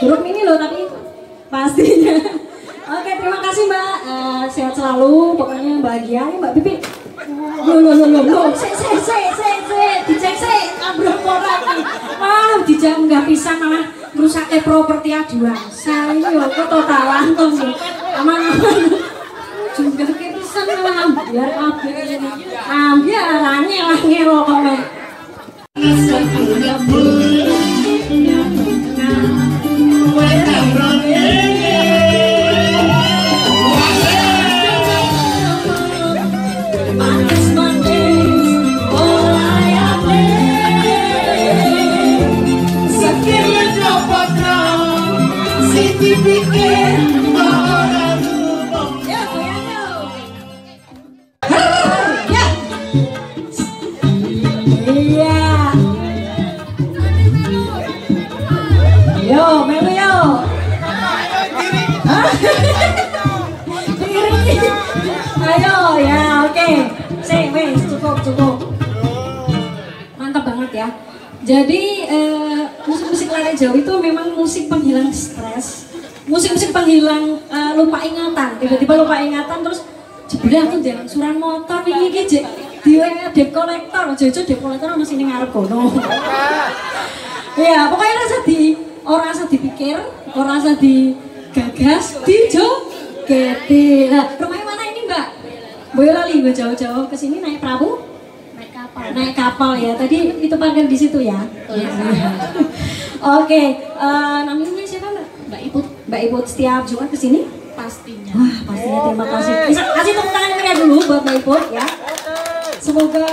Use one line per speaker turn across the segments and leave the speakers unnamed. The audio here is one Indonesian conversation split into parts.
huruf ini loh tapi pastinya. Oke terima kasih Mbak, uh, sehat selalu, pokoknya bahagia ya Mbak Pipi.
lo lo lo lo lo se se
se se se, dicek se, ambrol koran. Wow, ah, dijam nggak bisa malah merusak eh, properti aduan. Saya ini kok totalan tuh, aman aman. Juga kepisan malah biar kabir ini, ambil arahnya lah ngelok kok.
Sebelumnya
Yo, melu yo. Diri. Ayo ya, oke. Saya, cukup, cukup. Mantap banget ya. Jadi eh, musik-musik lari jauh itu memang musik penghilang stres, musik-musik penghilang eh, lupa ingatan, tiba-tiba lupa ingatan terus jebule aku jalan suran motor wingi iki jek dhewe dep kolektor, jojo dep kolektor masih ning ngarep kono. Iya. iya, pokoknya rasa di orang asal dipikir, orang asal digagas, dijoget. Nah, rumahnya mana ini Mbak? Boyolali, gue jauh-jauh ke sini naik perahu, naik kapal, naik kapal ya. Tadi itu panggil di situ ya. Iya. Oke, okay. uh, eh, namanya siapa Mbak? Mbak Iput. Mbak Iput setiap Jumat ke sini?
Pastinya. Wah,
pastinya terima kasih. kasih tepuk tangan
meriah dulu buat Mbak Iput ya. Semoga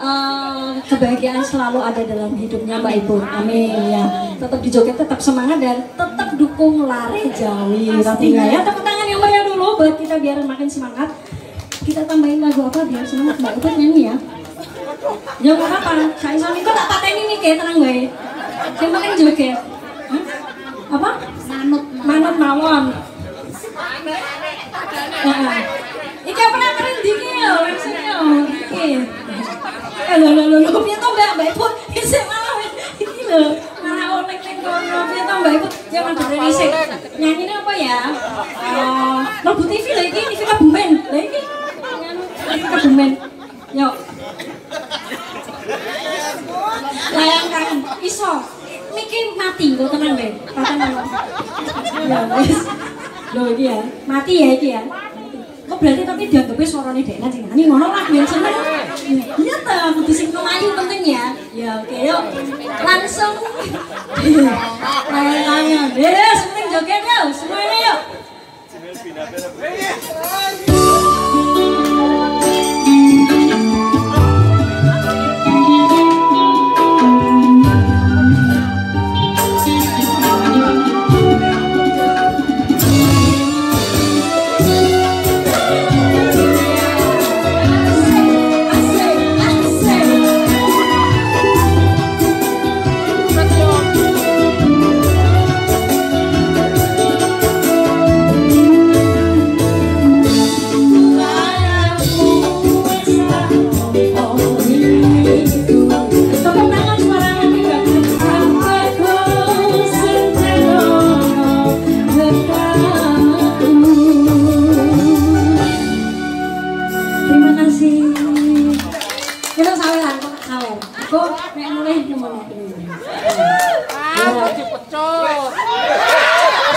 um, kebahagiaan selalu ada dalam hidupnya Mbak Ibu. Amin ya. Tetap di dijoget, tetap semangat dan tetap dukung lari jawi Tapi ya. Tepuk tangan yang ya dulu buat kita biar makin semangat. Kita tambahin lagu apa biar semangat Mbak Ibu nyanyi ya. Ya nggak apa, saya sami kok tak paten ini kayak tenang gue. Yang penting joget. Hah? Apa? Manut. Manut mawon. Nah, iki apa namanya? Dikil, ya, Dikil. dikil. lo pienso vea ve por ese lo mana orang tengok pienso ve por jangan berdiri nyanyi apa ya lo butuh TV lagi ini kita bumen lagi kita bumen yuk layangkan iso Miki mati lo tenang deh, tenang. Ya, wis. Lo iki ya, mati ya iki ya. Kok berarti tapi dianggapnya suaranya Dela nah, Cinani ngono lah biar seneng. Iya ta, kudu sing melayu penting ya. Ya oke yuk. Langsung. Layan-layan. Wes penting joget yuk. Semuanya yuk. Kita saweran kok sawer. Kok nek mulih iki mulih.
Ah, dipecut.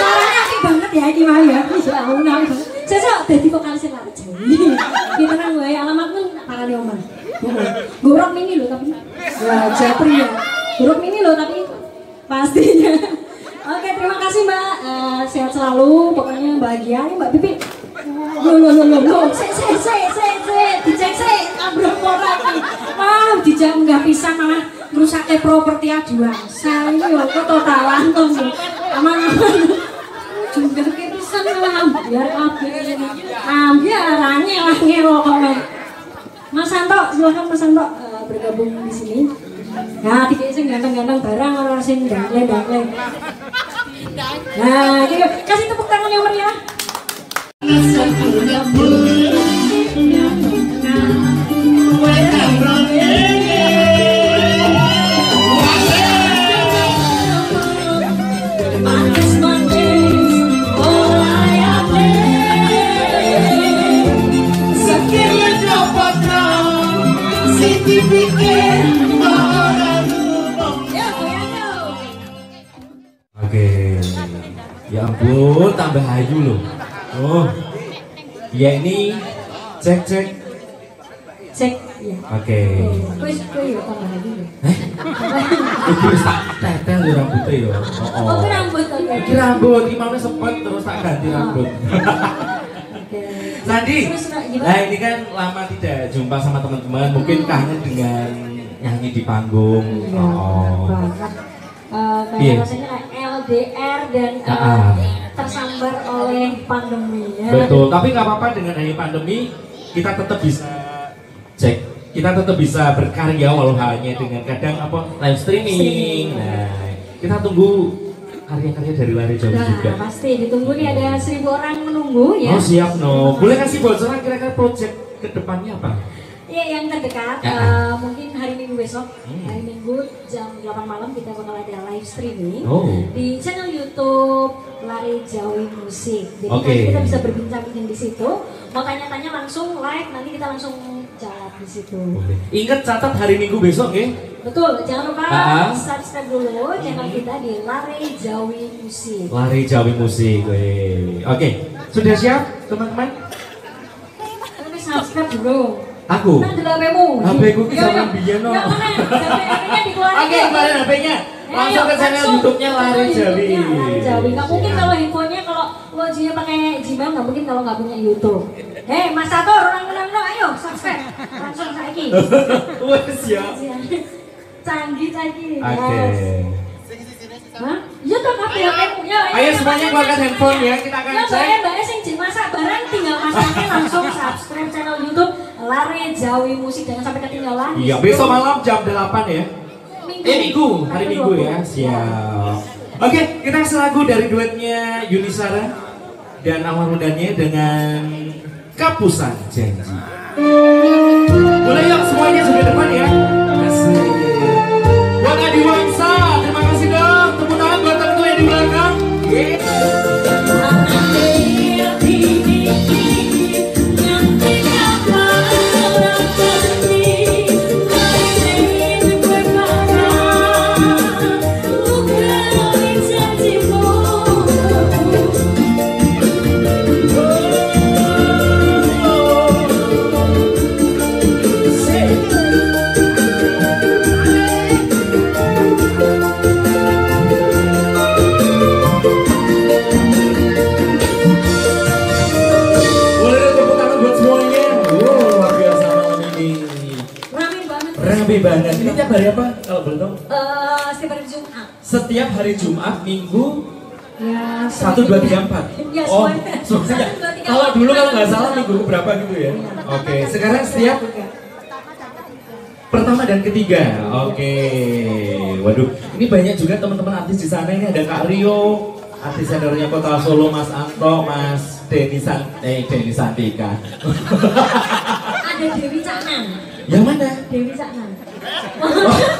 Suaranya asik banget ya iki mau ya. aku nang. Sesuk dadi vokalis sing jeli. Ki tenang wae alamatmu parane omah. Gorok mini lho tapi. Wah, japri ya. Gorok mini lho tapi pastinya. Oke, terima kasih Mbak. Uh, sehat selalu, pokoknya bahagia nih Mbak Pipi.
Loh, loh, loh, loh, loh. Se,
se, se, sik ambruk rapi. Wah, dijanggah pisan malah ngrusake properti aduan. Saya yo kota talan to. Aman-aman. Junggah bisa malah biar abis ini. Ambil arane lah ngerokoknya. Mas Santo, silakan Mas Santo uh, bergabung di sini. Nah, tiga sing ganteng-ganteng barang orang sing dangle-dangle. Nah, kasih tepuk tangan yang meriah.
Oh, ya ini cek cek.
Cek. Iya. Ya. Oke. Wis kowe yo lagi iki. Ya.
Heh. Iki wis tak tetel yo Oh, rambut to. Iki rambut imame sepet terus tak ganti oh. rambut. Nanti, nah ini kan lama tidak jumpa sama teman-teman, mungkin hmm. kangen dengan nyanyi di panggung. Iya, oh.
Uh, kayak rasanya iya. LDR dan uh, tersambung pandemi ya. Betul. Tapi nggak
apa-apa dengan adanya pandemi kita tetap bisa cek kita tetap bisa berkarya walau hanya dengan kadang apa live streaming. streaming. Nah, kita tunggu karya-karya dari lari jauh nah, juga.
Pasti ditunggu nih ada seribu orang menunggu ya. Oh siap
no. Boleh kasih bocoran kira-kira project kedepannya apa?
Iya yang terdekat ya. uh, mungkin hari Minggu besok hmm. hari Minggu jam 8 malam kita bakal ada live streaming oh. di channel YouTube Lari Jawi Musik. Jadi okay. nanti kita bisa berbincang-bincang di situ. Mau tanya-tanya langsung like, nanti kita langsung jawab di situ.
Okay. Ingat catat hari Minggu besok ya.
Betul, jangan lupa uh-huh. subscribe dulu channel kita di Lari Jawi Musik. Lari Jawi
Musik. Oke, okay. sudah siap teman-teman?
Tapi subscribe dulu. Aku. Nang hp ku bisa
sampean biyen ya, no.
Oke, ya. kemarin HP-nya. Langsung ke channel YouTube-nya Lari Jawi pribadi. Gak iya, mungkin iya. kalau handphonenya kalau lo jinya pakai Gmail gak mungkin kalau gak punya YouTube. Hei Mas Sato, orang orang lo, ayo subscribe
langsung saiki. Wes ya.
Canggih canggih. Oke. Hah? Iya tuh kafe ya punya. Ayo ya, ya, ya, semuanya keluarkan handphone ya, kita akan iya, cek. Mbak Mbak sing masak barang tinggal masaknya langsung subscribe channel YouTube Lare Jawi Musik jangan sampai ketinggalan. Iya, besok
malam jam delapan ya. Minggu. Eh minggu, hari minggu ya. Siap. Oke, okay, kita kasih lagu dari duetnya Yunisara dan Awal Mudanya dengan Kapusan Janji.
Boleh yuk semuanya sampai depan ya. Kasih.
Buat Adi Wangsa, terima kasih dong. Tepuk tangan buat teman-teman yang di belakang. Yeah.
Eh, setiap hari Jumat.
Setiap hari Jumat, Minggu, Ya, satu dua tiga empat. oh, semuanya. Kalau dulu kalau nggak salah minggu berapa gitu ya? Iya, Oke, okay. sekarang setiap pertama dan ketiga. Oke. Okay. Waduh, ini banyak juga teman-teman artis di sana ini ada Kak Rio, artis seniornya Kota Solo Mas Anto, Mas Denny San eh Denny Santika.
ada Dewi Caknan. Yang mana? Dewi Caknan. Oh.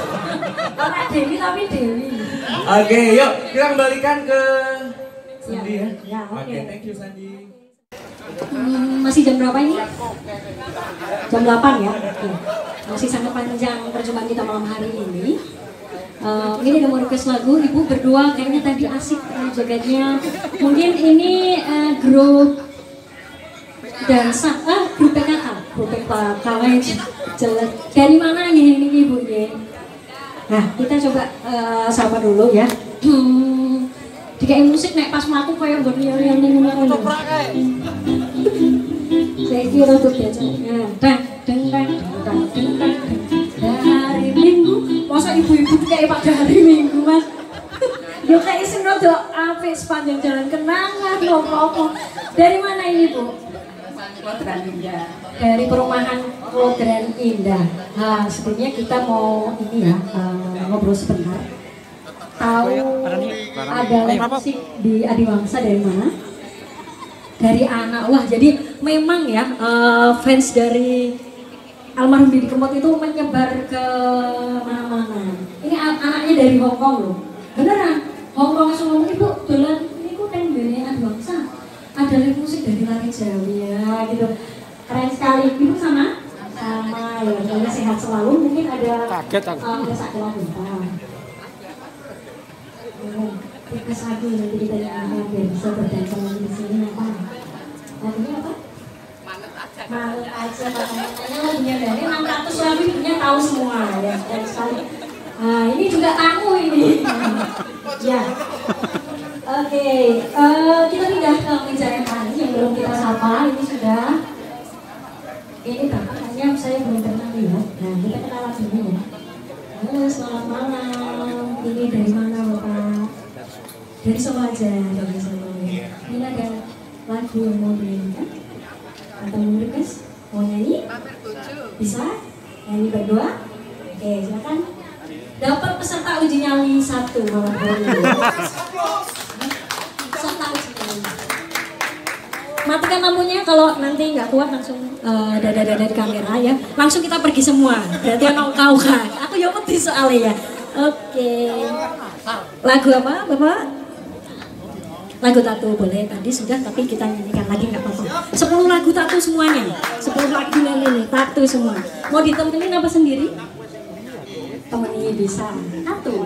Dewi tapi Dewi. Oke, okay, yuk kita kembalikan ke Sandi ya. ya, ya Oke, okay. okay, thank you Sandi.
Hmm, masih jam berapa ini? Jam 8 ya. Okay.
Masih sangat panjang perjumpaan kita malam hari ini. Uh, eh, ini ada mau request lagu, ibu berdua kayaknya tadi asik uh, jogetnya. Mungkin ini uh, grup dansa, ah grup PKK, grup PKK, jelek. Dari mana nih ini ibu? Nah, kita coba uh, sapa dulu ya. Dikai musik naik pas mlaku kaya nggon yang ning ngono. Saiki ora tuh biasa. Nah, dang dang dang dang Dari minggu, masa ibu-ibu kayak pada hari minggu, Mas. Yo kayak isin rada apik sepanjang jalan kenangan, nopo-nopo. Dari mana ini, Bu? Kodran Indah dari perumahan Kodran Indah. Nah, sebelumnya kita mau ini ya uh, ngobrol sebentar. Tahu ada leksi di Adiwangsa dari mana? Dari anak. Wah, jadi memang ya uh, fans dari almarhum Didi Kempot itu menyebar ke mana-mana. Ini anaknya dari Hongkong loh. Beneran? Hongkong semua itu dolan ada live musik dari lari ya gitu keren sekali ibu sama sama ya semoga sehat selalu mungkin
ada kaget aku uh, ada
sakit lagi Request lagi nanti kita nyanyi biar bisa berdansa lagi di sini apa? Lagunya apa? malut aja. Manet aja. punya lagunya dari 600 lagu punya tahu semua ya. keren sekali. Nah, ini juga tamu ini. ya okay, uh, eh, kita pindah ke meja yang lain yang belum kita sapa. Ini sudah. Ini tampaknya saya belum kenal ya. Nah, kita kenalan dulu ya. Halo, selamat malam. Ini dari mana Bapak? Dari Solo aja, dari Solo. Ini ada lagu yang mau dinyanyikan? Atau mau request? Mau nyanyi? Bisa? Nyanyi berdua? Oke, okay, silakan dapat peserta uji nyali satu malam hari. matikan lampunya kalau nanti nggak kuat langsung uh, eh, dada dada di kamera ya. Langsung kita pergi semua. Berarti anak kau kan. Aku ya peti soalnya ya. Oke. Lagu apa, Bapak? Lagu tato boleh tadi sudah tapi kita nyanyikan lagi nggak apa-apa. Sepuluh lagu tato semuanya. Sepuluh lagu yang ini tato semua. Mau ditemenin apa sendiri? Temenin
bisa. Tato.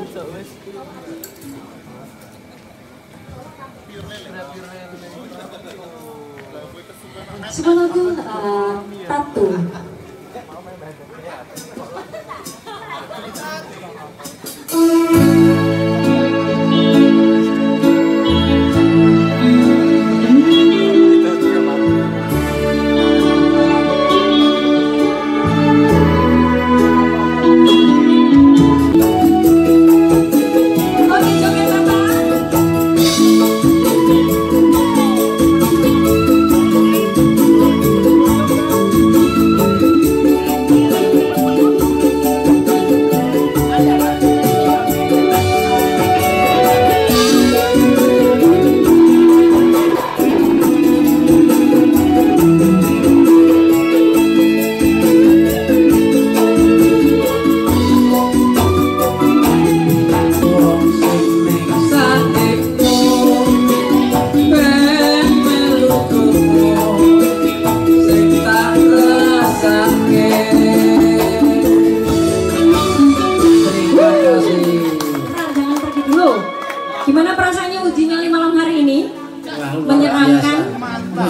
Semoga aku uh, patuh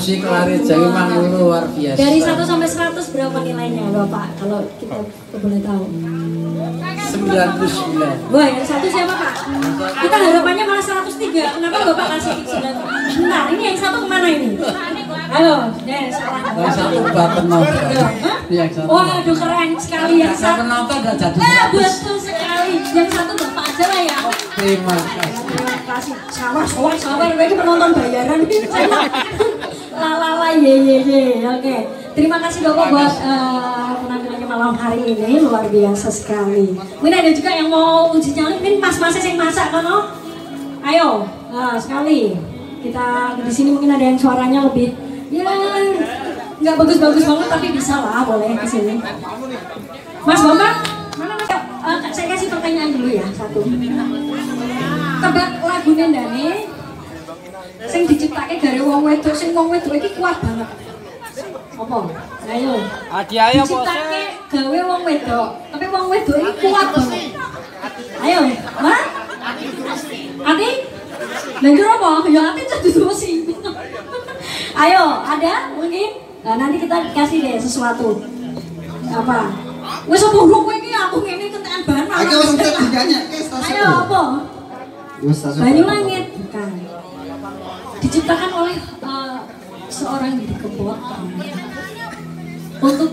Dari 1 sampai
100 berapa nilainya Bapak kalau kita boleh tahu?
99.
Wah, yang satu siapa Pak? Kita harapannya malah 103. Kenapa Bapak kasih 99? Bentar, ini yang satu kemana ini? Halo, Des. Ya, yang satu
penonton. Iya, yang satu. keren
sekali ya, yang satu. Penonton udah jadi. Eh, betul sekali. Yang satu Bapak aja lah ya.
Terima kasih.
Terima kasih. Sabar, sabar, sabar. Bagi penonton bayaran la ye ye ye. Oke. Terima kasih Bapak buat uh, penampilannya malam hari ini luar biasa sekali. Mungkin ada juga yang mau uji nyali, mungkin mas mas yang masak kan? Ayo, ah, sekali. Kita di sini mungkin ada yang suaranya lebih ya nggak bagus-bagus banget tapi bisa lah boleh ke sini. Mas bapak mana Mas? Eh, saya kasih pertanyaan dulu ya satu. Tebak lagu Nendane Sing diciptake dari wong wedok, sing wong wedok iki kuat banget. Apa? Ayo. Iya. Adi ayo ya, apa? Diciptake gawe wong wedok, tapi wong wedok iki kuat banget. Ayo, ha Ati? lha apa? Ya ati jadi dosi. Ayo, ada mungkin? Nah, nanti kita kasih deh sesuatu. Apa? Wes apa kowe iki aku ngene ketekan bahan. Ayo wis dinyanyi. apa? Wis diciptakan oleh uh, seorang diri kebotong untuk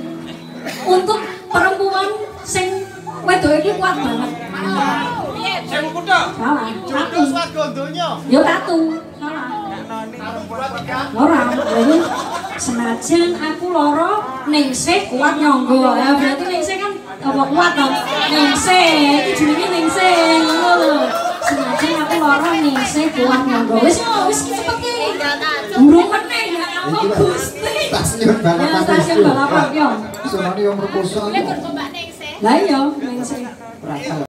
untuk perempuan sing wedo ini kuat banget sing kuda salah ratu
ya ratu salah
senajan aku loro ningse kuat nyonggo ya berarti ningse kan apa kuat dong ningse itu jenisnya ningse ngono loro nih, saya kuat nganggo. Wis mau, wis ki cepet ki.
Ya, ya. Urung meneh ya Allah Gusti. Stasiun balapan. Stasiun balapan yo. Sunane yo merkoso. Lah iya, ning sih.